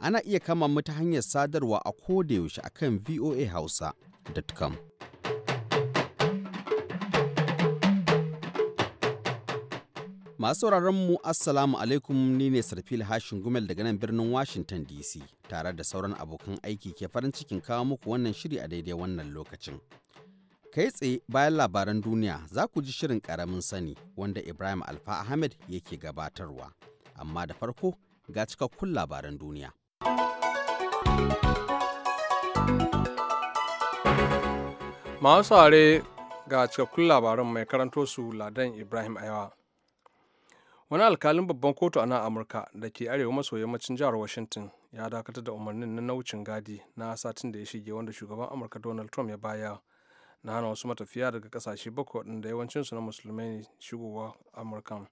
ana iya kama mu ta hanyar sadarwa a kodayaushe akan voahausa.com. Masu mu Assalamu alaikum ni ne Sarfil Hashin Gumel daga nan birnin Washington DC tare da sauran abokan aiki ke farin cikin kawo muku wannan shiri a daidai wannan lokacin. Kai tsaye bayan labaran duniya za ku ji shirin karamin sani wanda Ibrahim Alfa Ahmed yake gabatarwa. Amma da farko ga cikakkun labaran duniya. masu saurare ga cikakkun labaran mai karanto su ladan ibrahim aiwa wani alkalin babban kotu a nan amurka da ke arewa maso yammacin jihar washington ya dakatar da umarnin na naucin gadi na satin da ya shige wanda shugaban amurka donald trump ya baya na hana wasu matafiya daga kasashe bakwai waɗanda yawancinsu na musulmai ne shigowa amurkan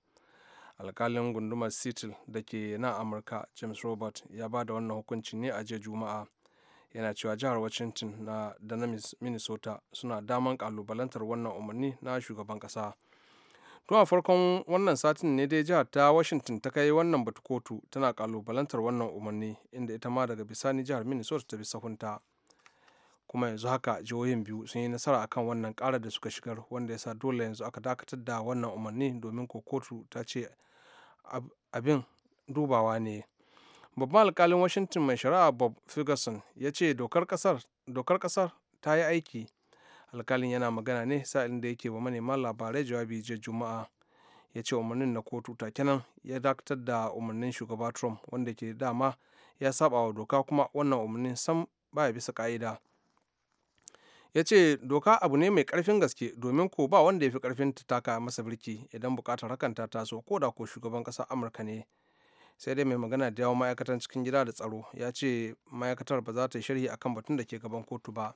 alkalin gundumar seattle da ke nan amurka james robert ya ba da wannan hukunci ne a jiya juma'a yana cewa jihar washington na da na minnesota suna daman kalubalantar wannan umarni na shugaban kasa tun a farkon wannan satin ne dai jihar ta washington ta kai wannan batu kotu tana kalubalantar wannan umarni inda ita ma daga bisani jihar minnesota ta bi sahunta kuma yanzu haka jihohin biyu sun yi nasara akan wannan kara da suka shigar wanda ya sa dole yanzu aka dakatar da wannan umarni domin ko kotu ta ce abin dubawa ne babban alkalin washington mai shari'a bob ferguson ya ce dokar kasar ta yi aiki alkalin yana magana ne sa'ilin da yake wa manema labarai jawabi jiya juma'a ya ce umarnin na kotu takenan ya dakatar da umarnin shugaba trump wanda ke dama ya saba wa doka kuma wannan umarnin sam baya bisa ka'ida ya ce doka abu ne mai karfin gaske domin ko ba wanda ya fi karfin ta taka masa birki idan bukatar hakan ta taso ko da ko shugaban kasar amurka ne sai dai mai magana da yawon ma'aikatan cikin gida da tsaro ya ce ma'aikatar ba za ta yi sharhi akan batun da ke gaban kotu ba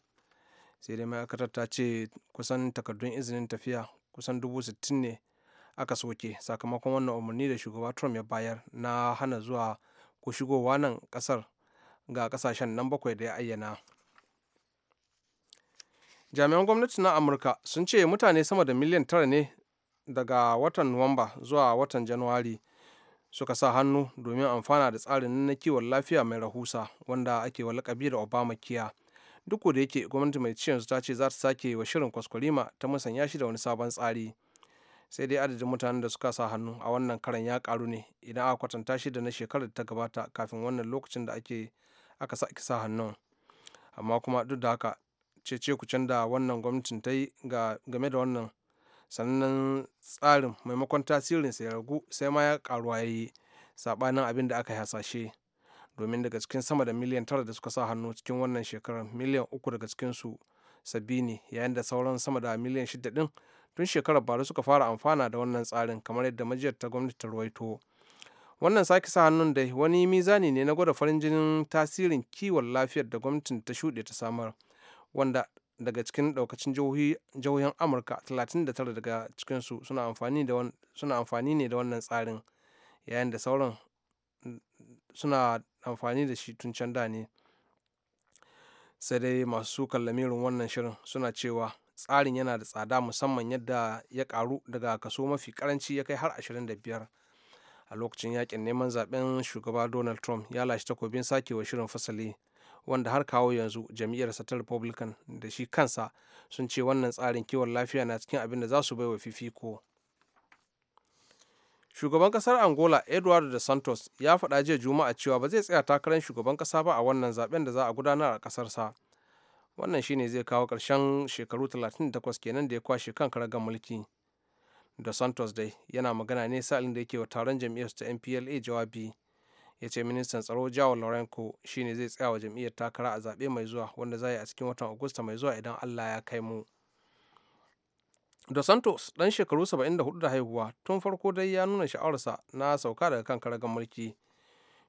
sai dai ma'aikatar ta ce kusan takardun izinin tafiya kusan dubu sittin ne aka soke sakamakon wannan umarni da shugaba trump ya bayar na hana zuwa ko shigowa nan kasar ga kasashen nan bakwai da ya ayyana jami'an gwamnati na amurka sun ce mutane sama da miliyan tara ne daga watan nuwamba zuwa watan januwari suka sa hannu domin amfana da tsarin na kiwon lafiya mai rahusa wanda ake wa lakabi da kiya duk da yake gwamnati mai ciyan su ta ce za ta sake wa shirin kwaskwarima ta musanya shi da wani sabon tsari sai dai adadin mutanen da suka sa hannu a wannan karan ya karu ne idan aka kwatanta shi da na shekarar da ta gabata kafin wannan lokacin da ake aka sa sa hannun amma kuma duk da haka cece ku da wannan gwamnatin ta yi game da wannan sannan tsarin maimakon tasirin ya ragu sai ma ya karuwa ya yi saɓanin abin da aka hasashe domin daga cikin sama da miliyan tara da suka sa hannu cikin wannan shekarar miliyan uku daga cikinsu sabi ne yayin da sauran sama da miliyan shida din tun shekarar bara suka fara amfana da wannan tsarin kamar yadda majiyar ta gwamnati ta ruwaito wannan sake sa hannun dai wani mizani ne na gwada farin jinin tasirin kiwon lafiyar da gwamnatin ta shuɗe ta samar wanda daga cikin daukacin jihohin amurka 39 daga cikinsu suna amfani ne da wannan tsarin yayin da sauran mm, suna amfani da shi tun can da ne sai dai masu lamirin wannan shirin suna cewa tsarin yana da tsada musamman yadda ya karu daga kaso mafi karanci ya kai har 25 a lokacin yakin neman zaben shugaba donald trump ya lashe takobin sakewa shirin fasali wanda har kawo yanzu jam'iyyarsa ta republican da shi kansa sun ce wannan tsarin kiwon lafiya na cikin abin da za su baiwa fifiko shugaban kasar angola eduardo da santos ya faɗa jiya juma'a cewa ba zai tsaya takarar shugaban kasa ba a wannan zaben da za a gudanar a kasarsa wannan shine zai kawo ƙarshen shekaru 38 kenan da ya kwashe kan karagar mulki da santos dai yana magana ne sa'ilin da yake wa taron jam'iyyarsa ta mpla jawabi ya ce ministan tsaro jawo lorenko shine zai tsaya wa jam'iyyar takara a zaɓe mai zuwa wanda za a yi a cikin watan agusta mai zuwa idan allah ya kai mu dos santos dan shekaru 74 da haihuwa tun farko dai ya nuna sha'awarsa na sauka daga kan karagar mulki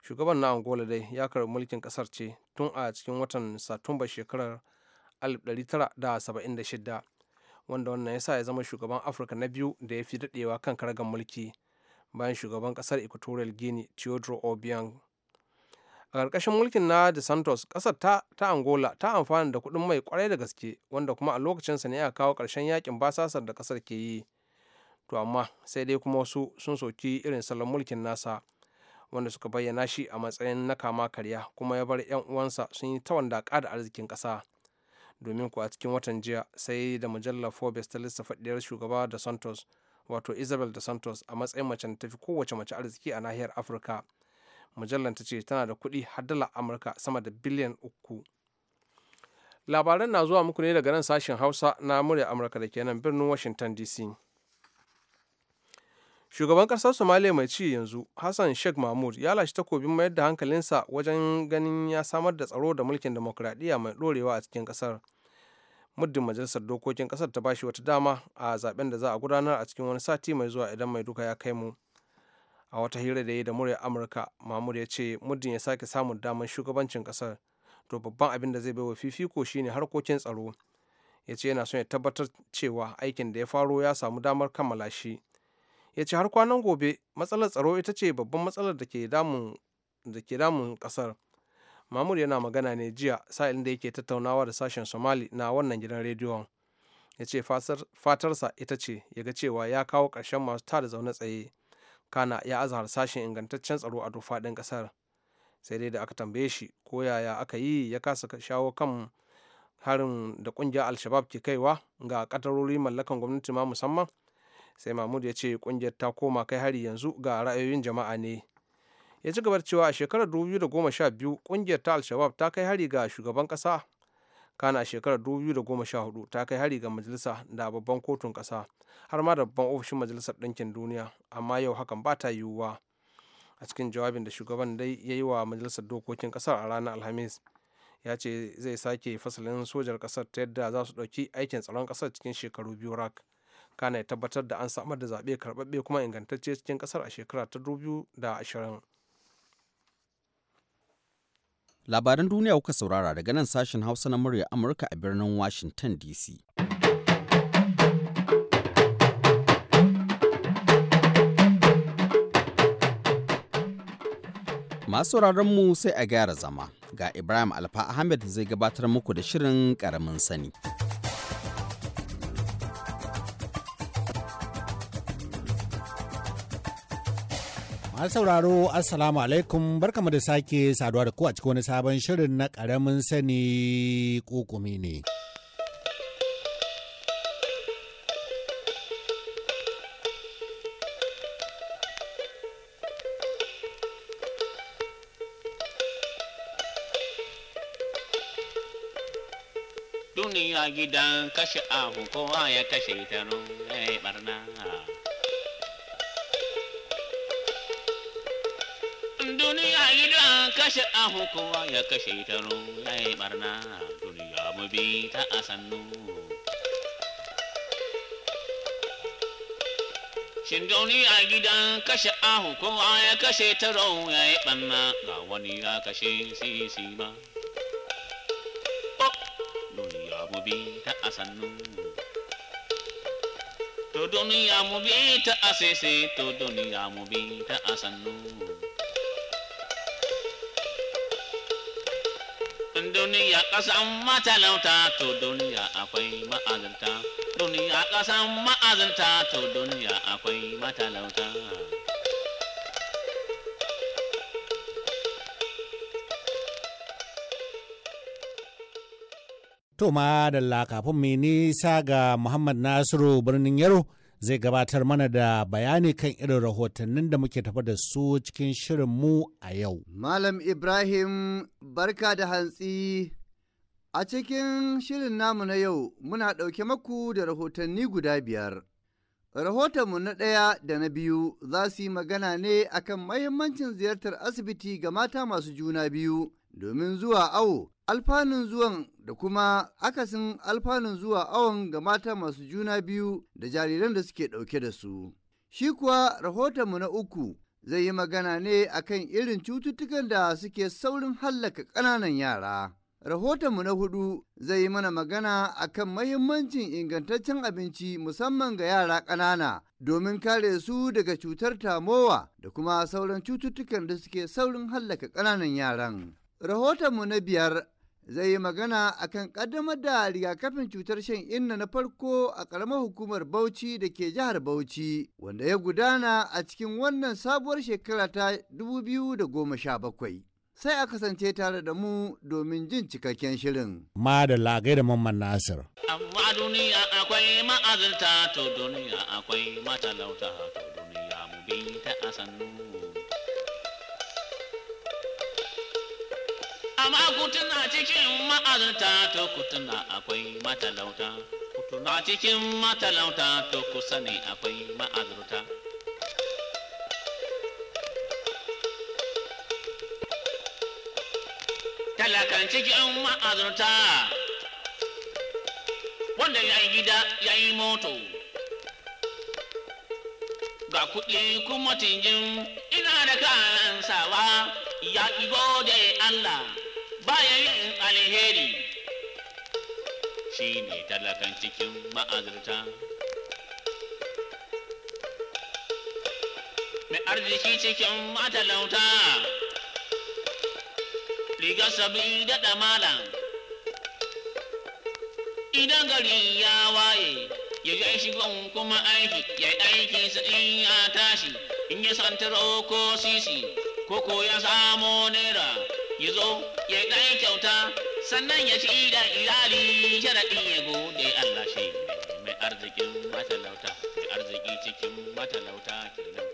shugaban na angola dai ya karbi mulkin ƙasar ce tun a cikin watan satumba shekarar 1976 wanda wannan ya sa ya zama shugaban afirka na biyu da ya fi daɗewa kan karagar mulki bayan shugaban kasar equatorial guinea teodoro obiang a ƙarƙashin mulkin na de santos ƙasar ta, ta angola ta amfana da kuɗin mai kwarai da gaske wanda kuma a lokacinsa ne aka kawo ƙarshen yakin basasar da ƙasar ke yi to amma sai dai kuma wasu sun soki irin salon mulkin nasa wanda suka bayyana shi a matsayin na kama karya kuma ya bar 'yan uwansa sun yi ta wandaƙa da arzikin ƙasa domin kuwa cikin watan jiya sai da mujallar forbes ta lissafa ɗiyar shugaba da santos wato isabel da santos a matsayin mace ta tafi kowace mace arziki a nahiyar afirka mujallar ta ce tana da kuɗi har dala amurka sama da biliyan uku labaran na zuwa muku ne daga nan sashen hausa na murya amurka da ke nan birnin washington dc shugaban ƙasar somaliya mai ci yanzu hassan sheikh mahmud ya lashe takobin mayar da hankalinsa wajen ganin ya samar da tsaro da mulkin demokuraɗiyya mai ɗorewa a cikin ƙasar. muddin majalisar dokokin kasar ta bashi wata dama a zaben da za a gudanar a cikin wani sati mai zuwa idan mai duka ya kai mu a wata hira da ya da murya amurka mahmud ya ce muddin ya sake samun damar shugabancin kasar to babban abin da zai baiwa fifiko shine harkokin tsaro ya ce yana son ya tabbatar cewa aikin da ya faro ya samu damar kammala shi ya ce har kwanan gobe matsalar tsaro ita ce babban matsalar da damun da ke damun kasar mamur yana magana ne jiya sa'ilin da yake tattaunawa da sashen somali na wannan gidan rediyon ya ce fatarsa ita ce ya ga cewa ya kawo karshen masu tada zaune tsaye kana ya aza harsashen ingantaccen tsaro a dofaɗin ƙasar sai dai da aka tambaye shi ko yaya aka yi ya kasa shawo kan harin da ƙungiyar alshabab ke kaiwa ga ƙadarori mallakan gwamnati ma musamman sai mamud ya ce ƙungiyar ta koma kai hari yanzu ga ra'ayoyin jama'a ne ya ci gaba da cewa a shekarar 2012 kungiyar ta al-shabab ta kai hari ga shugaban kasa kana a shekarar 2014 ta kai hari ga majalisa da babban kotun kasa har ma da babban ofishin majalisar ɗinkin duniya amma yau hakan ba ta yiwuwa a cikin jawabin da shugaban dai ya yi wa majalisar dokokin kasar a ranar alhamis ya ce zai sake fasalin sojar kasar ta yadda za su ɗauki aikin tsaron kasar cikin shekaru biyu rak kana ya tabbatar da an samar da zaɓe karɓaɓɓe kuma ingantacce cikin kasar a shekara ta 2020 Labaran duniya kuka saurara daga nan sashen Hausa na murya Amurka a birnin Washington DC. Masu mu sai a gyara zama, ga Ibrahim Alfa Ahmed zai gabatar muku da shirin ƙaramin sani. An sauraro Assalamu alaikum barkamu da sake saduwa da ku a cikin wani sabon shirin na ƙaramin sani kokumi ne. Duniya gidan kashe abu kowa ya kashe ta yi barna. duniya gidan kashe ahu kowa ya kashe ta ya yi barna duniya mu bi ta a sannu Shin duniya gidan kashe ahu kowa ya kashe ta ya yi barna ga wani ya kashe sisi ba. Oh, duniya mu bi ta a sannu. to duniya mu bi ta asese to duniya mu bi ta asannu duniya ƙasan matalauta to duniya akwai ma'azinta duniya ƙasan ma'azinta to duniya akwai matalauta To ma da kafin mai nisa ga Muhammad Nasiru birnin Yaro zai gabatar mana da bayani kan irin rahotannin da muke tafa da su cikin shirin mu a yau. Malam Ibrahim barka da hantsi a cikin shirin namu na yau muna ɗauke maku da rahotanni guda biyar. Rahotonmu na ɗaya da na biyu za su yi magana ne akan mahimmancin ziyartar asibiti ga mata masu juna biyu domin zuwa awo alfanun zuwan da kuma akasin alfanun zuwa awon ga mata masu juna biyu da jariran da suke ɗauke da su. Shi kuwa rahotonmu na uku zai yi magana ne akan irin cututtukan da suke saurin hallaka ƙananan yara. Rahotonmu na hudu zai yi mana magana akan mahimmancin ingantaccen abinci musamman ga yara ƙanana domin kare su daga cutar tamowa da kuma sauran cututtukan da suke saurin hallaka ƙananan yaran. Rahotonmu na biyar zai yi magana a kan ƙaddamar da rigakafin cutar shan inna na farko a ƙaramar hukumar Bauchi da ke jihar Bauchi wanda ya gudana a cikin wannan sabuwar shekara ta 2017. Sai a kasance tare da mu domin jin cikakken shirin. Ma da lagai da mamman Nasir. Amma duniya akwai to duniya akwai matalauta to duniya mu bi ta amma ku tuna cikin ma'azinta to kutuna tuna akwai matalauta ku tuna cikin matalauta to ku sani akwai ma'azinta talakan cikin ma'azinta wanda ya yi gida ya yi moto ga kuɗi kuma tingin ina da kayan sawa ya gode Allah baya yin alheri shi ne talakan cikin ma'azurta mai arziki cikin matalauta riga sabi da damala idan gari ya waye ya ji shigon kuma aiki ya aiki aikinsa in ya tashi in ya santaro ko sisi koko ya samo naira ya zo ya ɗan kyauta sannan ya ci da ilali sharaɗi ya gode Allah shi mai arzikin matalauta mai arziki cikin matalauta kenan.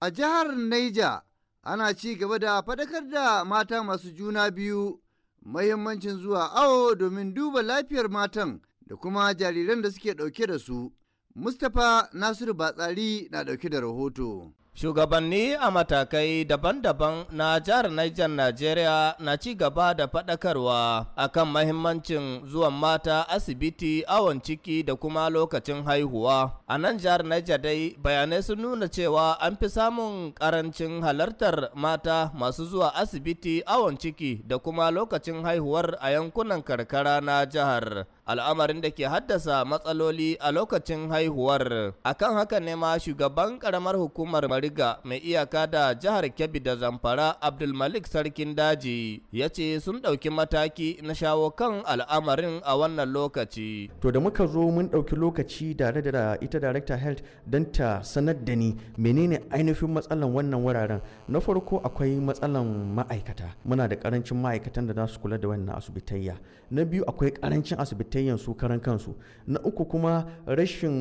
A jihar Naija ana ci gaba da faɗakar da mata masu juna biyu mahimmancin zuwa awo domin duba lafiyar matan da kuma jariran da suke ɗauke da su. Mustapha Nasiru Batsari na ɗauke da rahoto. Shugabanni a matakai daban-daban na jihar Niger Najeriya na ci gaba da faɗakarwa akan mahimmancin zuwan mata asibiti awon ciki da kuma lokacin haihuwa. A nan jihar Niger dai bayanai sun nuna cewa an fi samun karancin halartar mata masu zuwa asibiti awon ciki da kuma lokacin haihuwar a yankunan karkara na jihar. al'amarin da ke haddasa matsaloli a lokacin haihuwar a kan haka ne ma shugaban karamar hukumar mariga mai iyaka da jihar kebbi da zamfara abdulmalik sarkin daji ya ce sun ɗauki mataki na shawo kan al'amarin a wannan lokaci to da muka zo mun ɗauki lokaci tare da ita director health don ta sanar da ni menene ainihin matsalan wannan wuraren na farko akwai matsalan ma'aikata muna da karancin ma'aikatan da za su kula da wannan asibitayya na biyu akwai karancin asibiti kwamitin su karan kansu na uku kuma rashin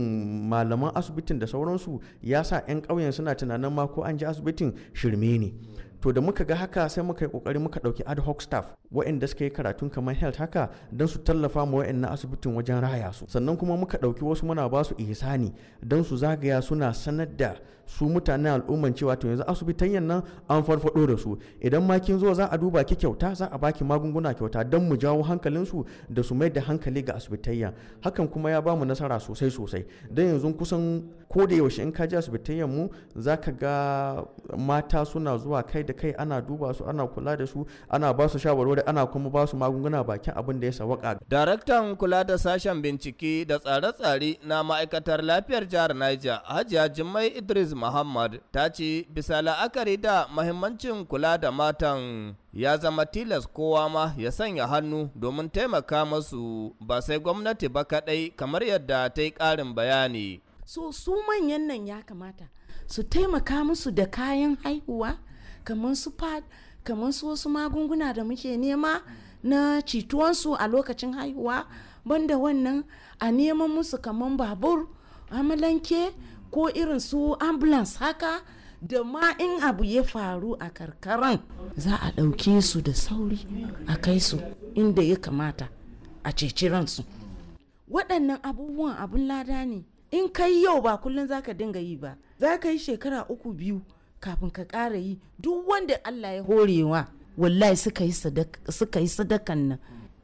malaman asibitin da sauransu ya sa 'yan ƙauyen suna tunanin ma ko an ji asibitin shirme ne to da muka ga haka sai muka yi kokari muka ɗauki ad hoc staff waɗanda suka yi karatun kamar health haka don su tallafa ma asibitin wajen raya su sannan kuma muka ɗauki wasu muna ba su ihsani don su zagaya suna sanar da su mutanen al'umman cewa to yanzu asibitan nan an farfado da su idan ma kin zo za a duba ki kyauta za a baki magunguna kyauta don mu jawo hankalin su da su mai da hankali ga asibitayya hakan kuma ya ba mu nasara sosai sosai don yanzu kusan ko da yaushe in ka je asibitayyan mu za ka ga mata suna zuwa kai da kai ana duba su ana kula da su ana ba su shawarwari saboda ana kuma ba su magunguna bakin abin da ya sawaka. Daraktan kula da sashen bincike da tsare-tsare na ma'aikatar lafiyar jihar Niger, Hajiya Jummai Idris Muhammad ta ce bisa la'akari da mahimmancin kula da matan ya zama tilas kowa ma ya sanya hannu domin taimaka masu ba sai gwamnati ba kaɗai kamar yadda ta yi ƙarin bayani. So su manyan nan ya kamata su taimaka musu da kayan haihuwa kamar su kamar su wasu magunguna da muke nema na cituwansu a lokacin haihuwa banda wannan a neman musu kamar babur amalanke ko irin su ambulance haka da ma in abu ya faru a karkaran za a ɗauke su da sauri a kai su inda ya kamata a ceci ransu waɗannan abubuwan abun lada ne in kai yau ba kullum za ka dinga yi ba za ka yi shekara uku biyu kafin ka ƙara yi duk wanda Allah ya horewa wallahi suka yi sadakan nan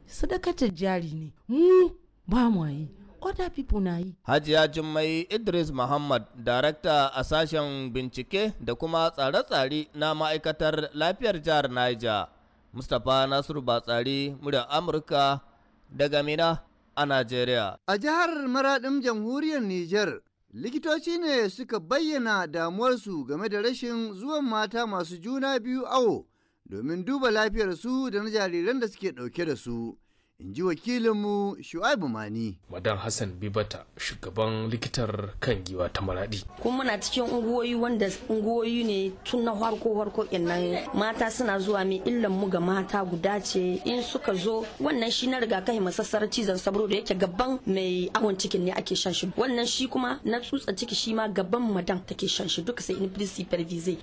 sadakatar jari ne mu ba mu yi other people na yi. Hajiya Jummai Idris Muhammad, darakta a sashen bincike da kuma tsare-tsare na ma'aikatar lafiyar jihar Niger. Mustapha Nasiru Batsari, murya Amurka daga Mina a Najeriya. A jihar Maraɗin Jamhuriyar Nijar, likitoci ne suka bayyana damuwarsu game da rashin zuwan mata masu juna biyu awo domin duba lafiyarsu da na jariran da suke ɗauke da su in ji wakilinmu shu'aibu mani madan hassan bibata shugaban likitar kan giwa ta maradi kuma muna cikin unguwoyi wanda unguwoyi ne tun na harko harko nan mata suna zuwa mai illan mu ga mata guda ce in suka zo wannan shi na rigakafi masassar cizon sabro da yake gaban mai awon cikin ne ake shan shi wannan shi kuma na tsutsa ciki shi ma gaban madan take shan shi duka sai in prisi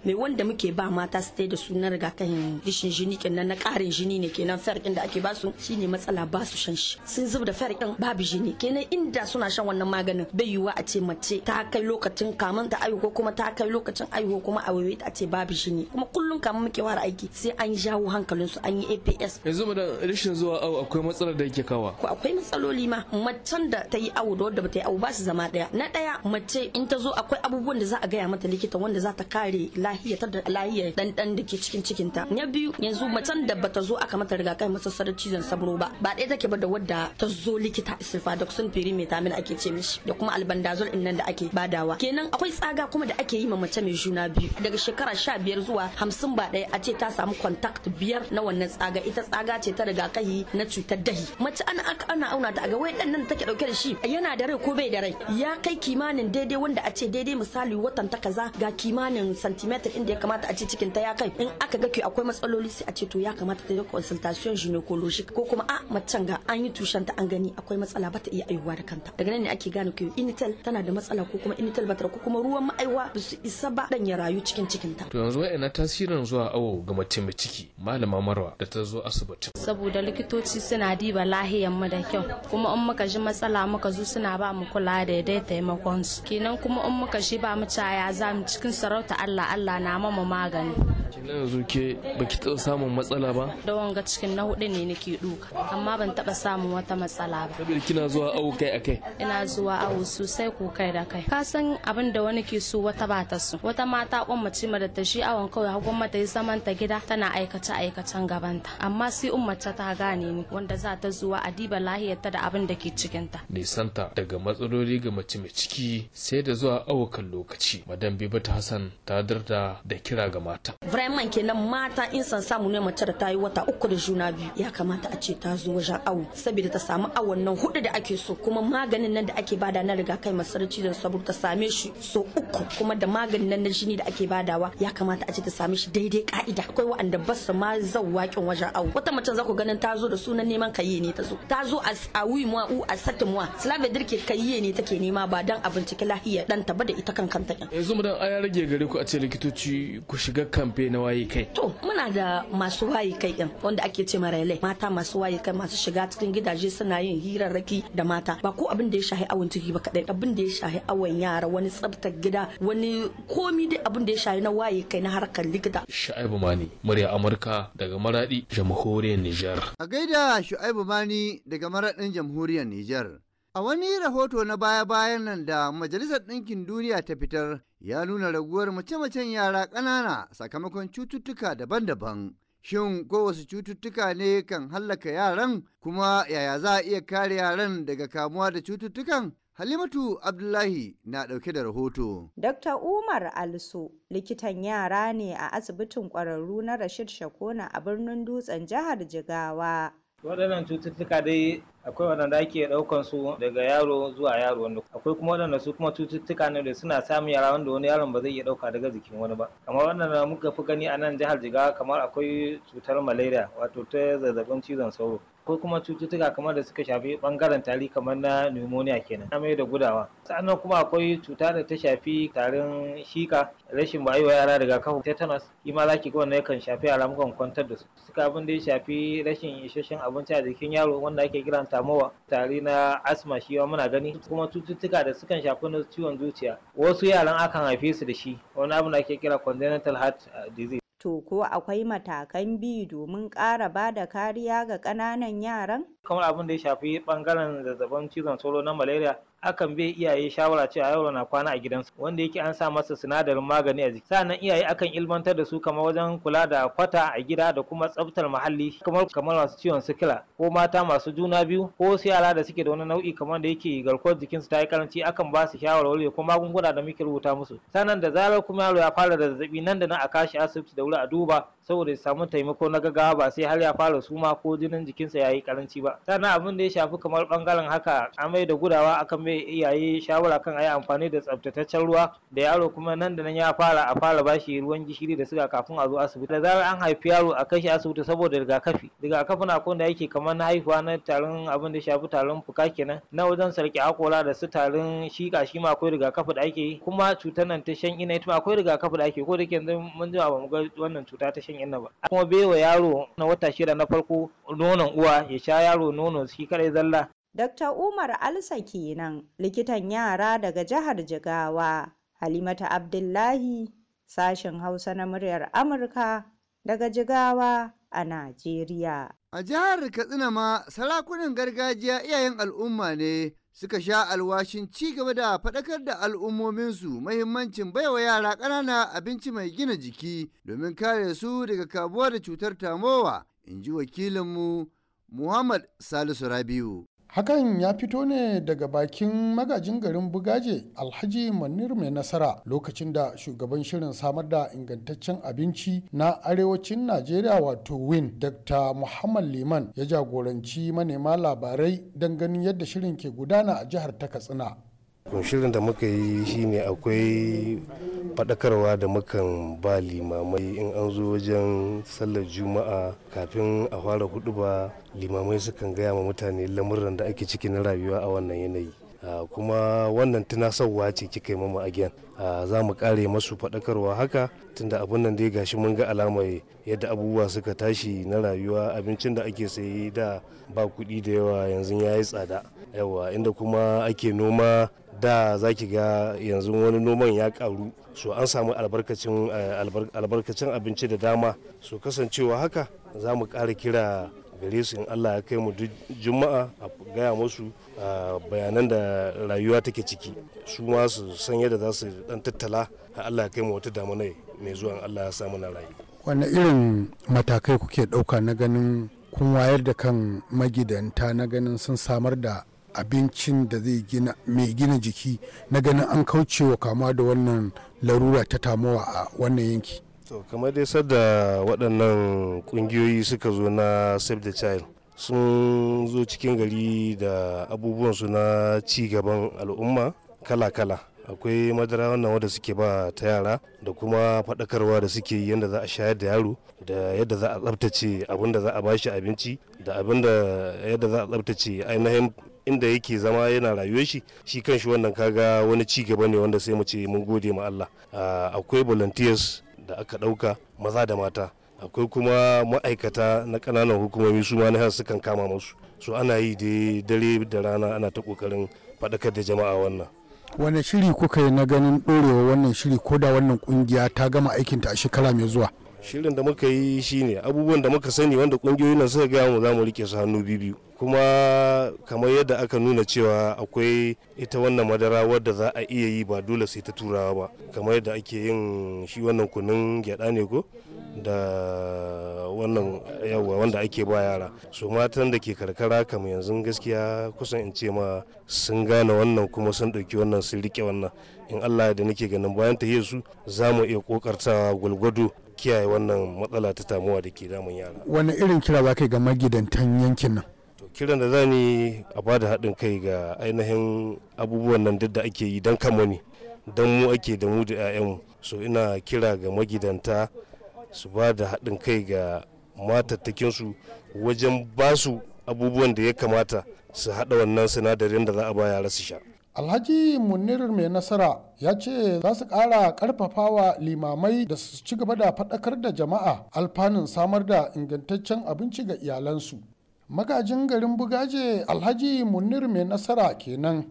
mai wanda muke ba mata su da su na rigakafin rishin jini kenan na karin jini ne kenan sarkin da ake ba su shine matsala ba su shan shi sun zub da fari babu jini kenan inda suna shan wannan maganin bai yiwuwa a ce mace ta kai lokacin kamun ta aiwo kuma ta kai lokacin aiwo kuma a wayoyi a ce babu jini kuma kullum kamun muke wara aiki sai an jawo hankalin su an yi APS yanzu da rashin zuwa awo akwai matsalar da yake kawa ko akwai matsaloli ma macen da ta yi awo da wadda ba ta yi awo ba su zama daya na daya mace in ta zo akwai abubuwan da za a gaya mata likita wanda za ta kare lahiyar da lahiyar dan dan da ke cikin cikinta na biyu yanzu macen da bata zo aka mata rigakafi masassarar cizon sabro ba ba ɗaya take ba da wadda ta zo likita sulfadoxin pyrimethamine ake ce mishi da kuma albendazole din nan da ake badawa kenan akwai tsaga kuma da ake yi ma mace mai juna biyu daga shekara sha biyar zuwa hamsin ba ɗaya a ce ta samu contact biyar na wannan tsaga ita tsaga ce ta rigakahi na cutar dahi mace ana aka ana auna ta ga wai ɗan nan take ɗauke da shi yana da rai ko bai da rai ya kai kimanin daidai wanda a ce daidai misali watan ta kaza ga kimanin centimeter inda ya kamata a ce cikin ta ya kai in aka ga ke akwai matsaloli sai a ce to ya kamata ta yi consultation gynecologic ko kuma a canga an yi tushenta an gani akwai matsala ba ta iya aiwa da kanta daga nan ne ake gane ko inital tana da matsala ko kuma initel batar ko kuma ruwan ma'aiwa ba su isa ba dan ya rayu cikin cikin ta to yanzu wa'ina tasirin zuwa awo ga mace mai ciki malama marwa da ta zo asibiti saboda likitoci suna diba lahiyar mu da kyau kuma in muka ji matsala muka zo suna ba mu kula da dai taimakon su kenan kuma in muka shi ba mu caya za mu cikin sarauta Allah Allah na mama magani kenan yanzu ke baki taɓa samun matsala ba da wanga cikin na hudu ne nake duka amma ban taɓa samun wata matsala ba saboda kina zuwa awo kai a kai ina zuwa awo sosai ko kai da kai ka san abin da wani ke so wata ba ta so wata mata kwan mace ma da ta shi awon kawai har gwamnati ta zaman ta gida tana aikace aikacen gabanta amma sai ummata ta gane ni wanda za ta zuwa a diba lahiyarta da abin da ke cikin cikinta nisanta daga matsaloli ga mace mai ciki sai da zuwa awo kan lokaci madam bibata hassan ta darda da kira ga mata vraiment kenan mata in san samu ne mace da ta yi wata uku da juna biyu ya kamata a ce ta zo wajen awo saboda ta samu awon nan hudu da ake so kuma maganin nan da ake bada na riga kai masarci da sabu ta same shi so uku kuma da maganin nan na jini da ake badawa ya kamata a ce ta same shi daidai ka'ida akwai wa'anda ba su ma zan wakin wajen awo wata mace za ku ganin ta zo da sunan neman kayi ne ta zo ta zo a wi mu u a satin mu silabe dirke kayi ne take nema ba dan a bincike lahiya dan ta ba da ita kan kanta yanzu mu dan ya rage gare ku a ce likitoci ku shiga kamfe bangare na waye kai to muna da masu waye kai din wanda ake ce marele mata masu waye kai masu shiga cikin gidaje suna yin hirarraki da mata ba ko abin da ya shahi awon ciki ba kadai abin da ya shahi awon yara wani tsabtar gida wani komi dai abin da ya shahi na waye kai na harkar likita sha'ibu mani murya amurka daga maradi jamhuriyar niger. a gaida shu'aibu mani daga maradin jamhuriyar niger a wani rahoto na baya-bayan nan da majalisar ɗinkin duniya ta fitar ya nuna raguwar mace-macen yara ƙanana sakamakon cututtuka daban-daban. Shin ko wasu cututtuka ne kan hallaka yaran kuma yaya za a iya kare yaran daga kamuwa da cututtukan? Halimatu Abdullahi na ɗauke da rahoto. Dr. Umar Alsu likitan yara ne a asibitin ƙwararru na Rashid Shakona a birnin Dutsen jihar Jigawa. Waɗannan cututtuka dai akwai waɗanda ake ɗaukan su daga yaro zuwa yaro wanda akwai kuma waɗanda su kuma cututtuka ne da suna samun yara wanda wani yaron ba zai iya ɗauka daga jikin wani ba kamar waɗanda muka fi gani a nan jihar jigawa kamar akwai cutar malaria wato ta zazzabin cizon sauro ko kuma cututtuka kamar da suka shafi bangaren tari kamar na pneumonia kenan amai da gudawa sannan kuma akwai cuta da ta shafi tarin shika rashin bayuwa yara daga rigakafin tetanus ima za zaki ga wannan yakan shafi yara mukan kwantar da su suka abin da ya shafi rashin isasshen abinci a jikin yaro wanda ake kiran tamowa tari na asma shi muna gani kuma cututtuka da sukan shafi na ciwon zuciya wasu yaran akan haife su da shi wani abu da ake kira congenital heart uh, disease To ko akwai matakan bi domin ƙara bada kariya ga ƙananan yaran? kamar abin da ya shafi bangaren zazzabin cizon sauro na malaria akan bai iyaye shawara cewa yaro na kwana a gidansu wanda yake an sa masa sinadarin magani a jiki sannan iyaye akan ilmantar da su kamar wajen kula da kwata a gida da kuma tsaftar muhalli kamar kamar masu ciwon sikila ko mata masu juna biyu ko wasu yara da suke da wani nau'i kamar da yake garkuwar jikinsu ta yi karanci akan ba su shawarwari ko magunguna da muke rubuta musu sannan da zarar kuma yaro ya fara da zazzabi nan da nan a kashi asibiti da wuri a duba saboda ya samu taimako na gaggawa ba sai har ya fara suma ko jinin jikinsa ya yi karanci ba shawara sannan abin da ya shafi kamar bangaren haka amai da gudawa akan mai iyaye shawara kan ayi amfani da tsabtataccen ruwa da yaro kuma nan da nan ya fara a fara bashi ruwan gishiri da suga kafin a zo asibiti da zarar an haifi yaro a kai shi asibiti saboda rigakafi rigakafi na kun da yake kamar na haihuwa na tarin abin da ya shafi tarin fuka kenan na wajen sarki Akora da su tarin shika shi ma akwai rigakafi da ake yi kuma cutar nan ta shan ina ita akwai rigakafi da ake ko da yanzu mun ji ba mu ga wannan cuta ta shan ina ba kuma bai wa yaro na wata shida na farko nonon uwa ya sha yaro yaro nono shi kare zalla Dr. Umar Alsa kenan likitan yara daga jihar Jigawa Halimata Abdullahi sashen Hausa na muryar Amurka daga Jigawa a Najeriya. A jihar Katsina ma sarakunan gargajiya iyayen al'umma ne suka sha alwashin ci gaba da faɗakar da al'ummominsu mahimmancin baiwa yara ƙanana abinci mai gina jiki domin kare su daga kabuwa da cutar tamowa, in ji wakilinmu Muhammad Salisu Rabiu. Hakan ya fito ne daga bakin magajin garin Bugaje Alhaji Manir mai nasara lokacin da shugaban shirin samar da ingantaccen abinci na arewacin Najeriya wato WIN Dr. Muhammad Liman ya jagoranci manema labarai don ganin yadda shirin ke gudana a jihar ta Katsina. shirin da muka yi shine akwai faɗakarwa da mukan ba limamai in an zo wajen sallar juma'a kafin a fara hudu ba limamai sukan gaya ma mutane lamuran da ake ciki na rayuwa a wannan yanayi Ah, kuma wannan tuna sauwa ce kika yi mama agiyan ah, za mu kare masu faɗakarwa haka tunda abun nan dai gashi mun ga alamar yadda abubuwa suka tashi na rayuwa abincin da ake sayi da ba kuɗi da yawa yanzu ya yi tsada yawa inda kuma ake noma da za ki ga yanzu wani noman ya karu so an samu eh, albarkacin abinci da dama so kasancewa haka za mu ƙara kira gare su in allah ya kai mu duk juma'a a gaya musu bayanan da rayuwa take ciki su ma su san yadda za su dan tattala a allah ya kai mu wata ne mai zuwa allah ya sa na rayu wani irin matakai kuke ɗauka na ganin kun wayar da kan magidanta na ganin sun samar da abincin da zai gina mai gina jiki na ganin an kaucewa kama da wannan larura ta tamowa a wannan yanki to kamar dai sadda waɗannan ƙungiyoyi suka zo na save the child sun zo cikin gari da abubuwansu na ci gaban al'umma kala-kala akwai madara wannan wanda suke ba ta yara da kuma faɗakarwa da suke yi yadda za a shayar da yaro da yadda za a tsabtace abin da za a bashi abinci da abin da yadda za a tsabtace ainihin inda yake zama yana rayuwar shi shi kanshi wannan kaga wani ci gaba ne wanda sai mu ce mun gode ma Allah ah, akwai volunteers da aka ɗauka maza da mata akwai kuma ma'aikata na ƙananan hukumomi su ma na sukan kama masu su ana yi da dare da rana ana ta kokarin faɗakar da jama'a wannan wani shiri kuka yi na ganin ɗorewa wannan shiri ko da wannan ƙungiya ta gama aikinta a shekara mai zuwa shirin da muka yi shine abubuwan da muka sani wanda kungiyoyin nan suka gaya mu za mu rike su hannu biyu kuma kamar yadda aka nuna cewa akwai ita wannan madara wadda za a iya yi ba dole sai ta turawa ba kamar yadda ake yin shi wannan kunun gyada ne ko da wannan yawa wanda ake ba yara su matan da ke karkara kamar yanzu gaskiya kusan in ce ma sun gane wannan kuma sun ɗauki wannan sun rike wannan in allah da nake ganin bayan ta su za mu iya kokartawa gwalgwado kiyaye wannan matsala ta tamuwa da ke damun yara wani irin kira za kai ga magidantan yankin nan kiran da zani a ba da haɗin kai ga ainihin abubuwan nan duk da ake yi don kama ne don mu ake da mu da 'ya'yanmu so ina kira ga magidanta su ba da haɗin kai ga matattakinsu wajen ba su abubuwan da ya kamata su haɗa wannan sinadarin da za a ba yara su sha alhaji munir mai nasara ya ce za su ƙara ƙarfafawa limamai da su ci gaba da faɗakar da jama'a alfanun samar da ingantaccen abinci ga iyalansu magajin garin bugaje alhaji munir mai nasara kenan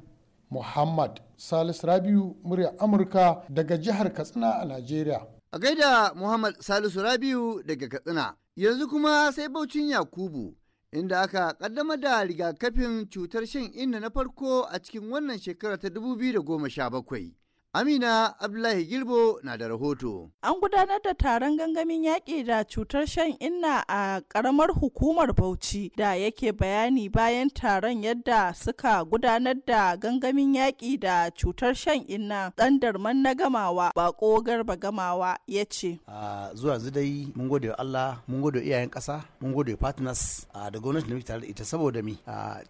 muhammad salis rabiu murya amurka daga jihar katsina a nigeria. a gaida muhammad salisu rabiu daga katsina yanzu kuma sai baucin yakubu inda aka kaddamar da rigakafin cutar shan inna na farko a cikin wannan shekara ta 2017. Amina Abdullahi Girbo na da rahoto. An gudanar da taron gangamin yaƙi da cutar shan inna a ƙaramar hukumar Bauchi da yake bayani bayan taron yadda suka gudanar da gangamin yaƙi da cutar shan inna ɗandarman na gamawa bako garba gamawa ya ce. zuwa zuwa dai mun gode wa Allah, mun gode wa iyayen ƙasa, mun gode wa partners da gwamnati da muke tare da ita saboda me.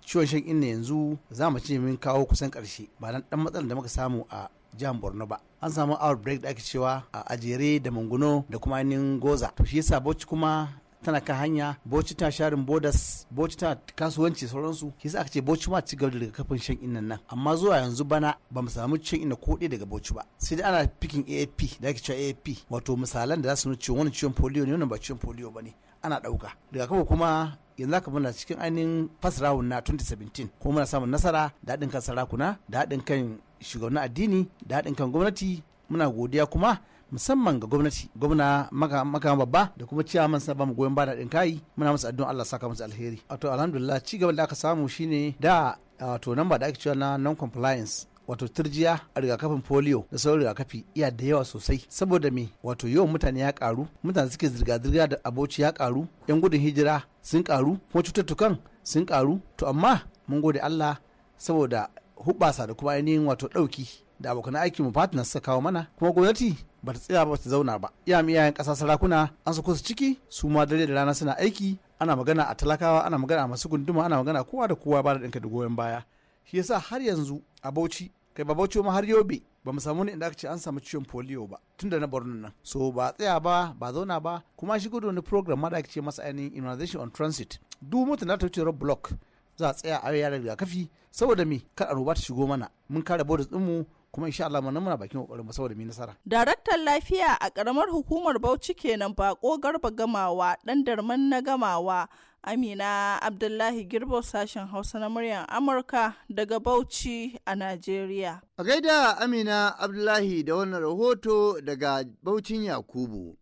Ciwon shan inna yanzu za mu ce min kawo kusan ƙarshe ba dan matsalar da muka samu a jihar borno ba an samu outbreak da ake cewa a ajere da manguno da kuma ainihin goza to shi yasa bauchi kuma tana kan hanya bauchi ta sharin bodas bauchi ta kasuwanci sauransu shi yasa aka ce bauchi ma ci gaba da kafin shan innan nan amma zuwa yanzu bana ba mu samu cin ina ko ɗaya daga bauchi ba sai dai ana fikin AAP da ake cewa AAP wato misalan da za su nuna cewa wani ciwon polio ne wannan ba ciwon polio ne ana ɗauka rigakafi kuma yanzu aka muna cikin ainihin first round na 2017 ko muna samun nasara da haɗin kan sarakuna da haɗin kan shugabannin addini da haɗin kan gwamnati muna godiya kuma musamman ga gwamnati gwamna makama babba da kuma cewa man ba mu goyon bada ɗin kai muna masa addu'an Allah saka musu alheri wato alhamdulillah ci gaban da aka samu shine da wato ba da ake cewa na non compliance wato turjiya a rigakafin polio da sauran rigakafi iya da yawa sosai saboda me wato yawan mutane ya karu mutane suke zirga-zirga da aboci ya karu yan gudun hijira sun karu kuma cututtukan sun karu to amma mun gode Allah saboda hubasa da kuma ainihin wato ɗauki da abokan aiki mu partners suka kawo mana kuma gwamnati ba ta tsaya ba ta zauna ba iya mu iyayen ƙasa sarakuna an su kusa ciki su ma dare da rana suna aiki ana magana a talakawa ana magana a masu gunduma ana magana kowa da kowa ba da ɗinka da goyon baya shi yasa har yanzu a bauchi kai ba bauchi ma har yobe ba mu samu ne inda aka ce an samu ciwon polio ba tun da na borno nan so ba tsaya ba ba zauna ba kuma shi gudu wani program ma da ake ce masa ainihin immunization on transit duk na ta wuce block za a tsaya a yara rigakafi saboda me kar a roba ta shigo mana mun kare borders ɗinmu kuma insha Allah mun muna bakin kokarin mu saboda mi nasara. Daraktan lafiya a karamar hukumar Bauchi kenan bako garba gamawa dan darman na gamawa Amina Abdullahi Girbo sashen Hausa na muryar Amurka daga Bauchi a Najeriya. A gaida Amina Abdullahi da wannan rahoto daga Baucin Yakubu.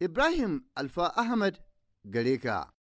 Ibrahim Alfa Ahmad gareka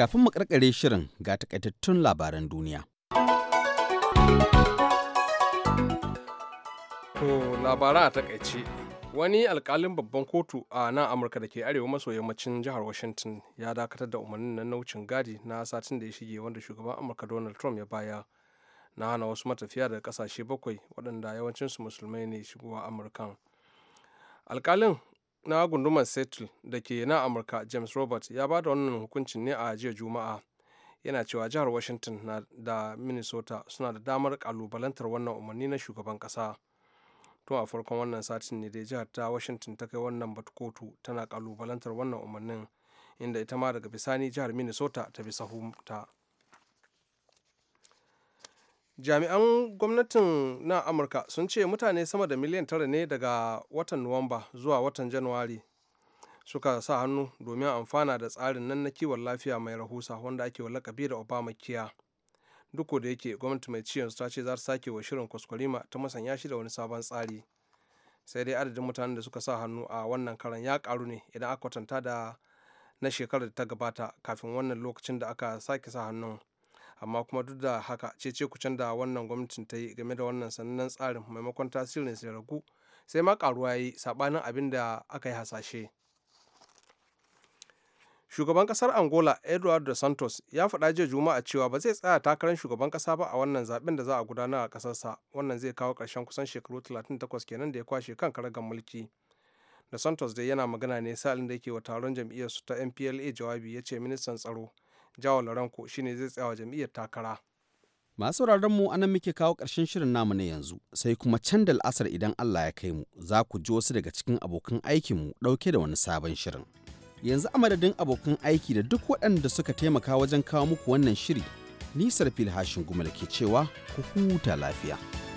Kafin mu karkare shirin ga takaitattun labaran duniya. To labara a takaice. Wani alkalin babban kotu a nan Amurka da ke arewa maso yammacin jihar Washington ya dakatar da umarnin na naucin gadi na satin da ya shige wanda shugaban Amurka Donald Trump ya baya na hana wasu matafiya daga kasashe bakwai waɗanda yawancinsu musulmai ne shigowa Amurkan. alkalin na gundumar settle da ke na amurka james robert ya ba da wannan hukuncin ne a jiya juma'a yana cewa jihar washington da minnesota suna da damar kalubalantar wannan umarni na shugaban kasa tun a farkon wannan satin ne dai jihar ta washington ta kai wannan batu kotu tana kalubalantar wannan umarnin inda ita ma daga bisani jihar minnesota ta bi sahunta. ta jami'an gwamnatin na amurka sun ce mutane sama da miliyan tara ne daga watan nuwamba zuwa watan januwari suka sa hannu domin amfana da tsarin nan na kiwon lafiya mai rahusa wanda ake lakabi da obama kiya duk da yake gwamnati mai ciyon ta ce za ta sake wa shirin kwaskwarima ta masanya shi da wani sabon tsari sai dai adadin mutanen da suka sa hannu a wannan karan ya karu ne idan aka kwatanta da na shekarar da ta gabata kafin wannan lokacin da aka sake sa hannun amma kuma duk da haka cece ku da wannan gwamnatin ta yi game da wannan sannan tsarin maimakon tasirin sai ragu sai ma karuwa ya yi sabanin abin da aka yi hasashe shugaban kasar angola eduardo santos ya faɗa jiya juma'a cewa ba zai tsaya takarar shugaban kasa ba a wannan zaben da za a gudanar a kasarsa wannan zai kawo karshen kusan shekaru 38 kenan da ya kwashe kan karagar mulki da santos dai yana magana ne sa'ilin da yake wa taron jam'iyyarsu ta mpla jawabi ya ce ministan tsaro jawo laranko shine zai tsaya wa jam'iyyar takara masu mu anan muke kawo ƙarshen shirin namu na yanzu sai kuma can da al'asar idan allah ya kai mu za ku ji wasu daga cikin abokan aikinmu ɗauke da wani sabon shirin yanzu a madadin abokan aiki da duk waɗanda suka taimaka wajen kawo muku wannan shiri nisar filhashin gumal ke cewa ku huta lafiya.